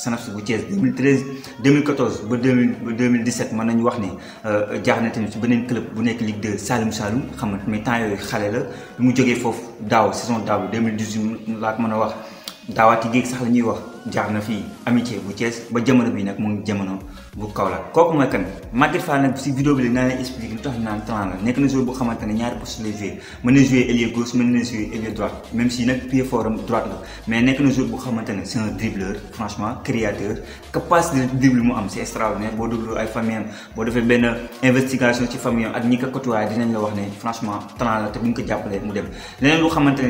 SNAPS bu Thiès 2013 2014 ba 2000 ba 2017 mën nañu wax ni euh, jaar na tamit ci beneen club bu nekk Ligue 2 Saloum Saloum xam nga mais temps yooyu xale la bi mu jógee foofu daaw saison daaw 2018 laa ko mën a wax. daawaati géeg sax la ñuy wax jaar na fii amitié bu Thiès ba jamono bi nag mu ngi jamono bu Kaolack kooku mooy kan Maguette Fall nag si vidéo bi léegi naa leen expliqué lu tax naan talent la nekk na joueur bu xamante ne ñaari poste lay jouer mën si nag pied fort am droite la mais nekk na joueur bu xamante ne c'est franchement créateur capacité de mu am c'est extraordinaire boo déglu ay famille am boo defee benn investigation ci famille am ak ñi ko côtoyé dinañ la wax ne franchement talent la te bu ñu dem leneen lu xamante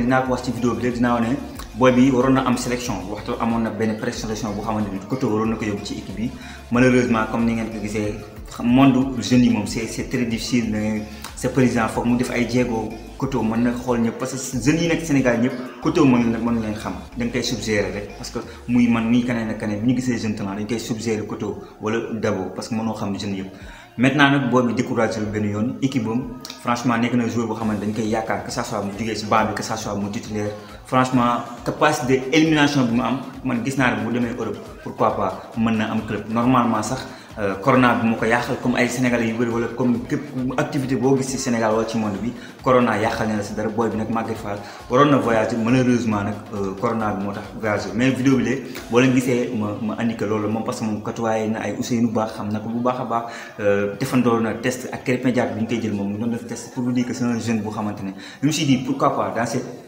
booy bi waroon na am sélection waxtu amoon na benn présélection boo xamante ni côté waroon na ko yóbbu ci équipe bi malheureusement comme ni ngeen ko gisee monde jeune yi moom c' est c' est très difficile mais sa président foog mu def ay jéego côté mën na xool ñëpp parce que jeune yi nekk Sénégal ñëpp côté mën na mën leen xam dañ koy suggérer rek parce que muy man muy keneen ak keneen ñu gisee jeune talent dañ koy suggérer côté wala Dabo parce que mënoo xam jeune yëpp. maintenant nag booy bi découragé benn yoon équipe am franchement nekk na joueur boo xamante dañ koy yaakaar que ça soit mu jugee si banc bi que ça soit mu titulaire franchement capacité élimination bi mu am man gis naa ne bu demee Europe pourquoi pas mën na am club normalement sax. Euh, corona bi moo ko yàqal comme ay sénégalais yu bëri wala comme képp activité boo gis ci Sénégal wala ci monde bi corona yàqal na la dara booy bi nag Maguette Fall waroon na voyage malheureusement nag euh, corona bi moo tax voyage mais vidéo bi de boo leen gisee ma ma andi ko loolu moom parce que moom katuwaay na ay Ousseynou baax xam na ko bu baax a baax euh, defandoo na test ak Krépin Diatta bi ñu koy jël moom mu doon def test pour vous dire que c'est jeune bu xamante ne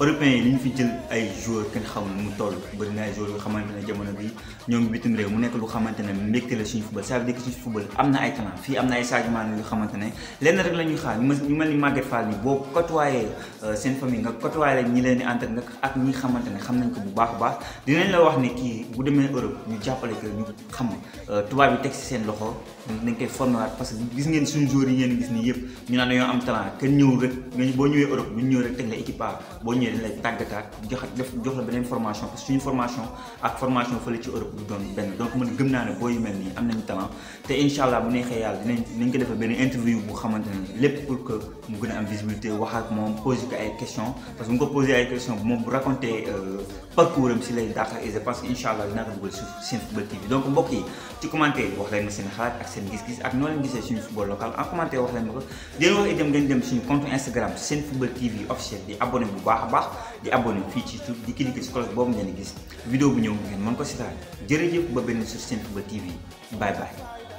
européen yi li ñu fi jël ay joueurs kenn xamul mu toll bëri na ay joueurs yoo xamante ne jamono bi ñoo ngi bitim réew mu nekk lu xamante ne mbégte la suñu football ça veut dire que suñu football am na ay talent fii am na ay Sadio Mané yoo xamante ne lenn rek la ñuy xaar ñu mel ni Maguette Fall nii boo côtoyé euh, seen famille nga côtoyé ñi leen di entre nga ak ñi xamante ne xam nañ ko bu baax a baax dinañ la wax ne kii bu demee Europe ñu jàppale ko ñu xam euh, tubaab bi teg si seen loxo dañ koy formé waat parce que gis ngeen suñu joueurs yi ngeen gis nii yëpp ñu naan dañoo am talent kenn ñëw rek boo ñëwee Europe ñu ñëw rek teg la équipe A ñëwee dañ lay tàggataat joxat def jox la beneen formation parce que suñu formation ak formation fële ci Europe du doon benn donc man gëm naa ne boo yu mel nii am nañu talent te incha allah bu neexee yàlla dinañ dinañ ko defal benn interview bu xamante ne lépp pour que mu gën a am visibilité wax ak moom posé ko ay questions parce que mu ko posé ay questions moom bu raconté euh, parcours am si lay dàqa et je pense que incha allah dinaa ko dugal suuf seen football TV donc mbokk yi ci commentaire wax leen ma seen xalaat ak seen gis-gis ak noo leen gisee suñu football local en commentaire wax leen ma ko dinañ wax dem ngeen dem suñu compte Instagram seen football TV officiel di abonné bu baax baax di abonné fii ci YouTube di cliquer ci cloche boobu ngeen video gis vidéo bu ñëw ngeen mën ko seetaan jërëjëf ba benn sur TV bye bye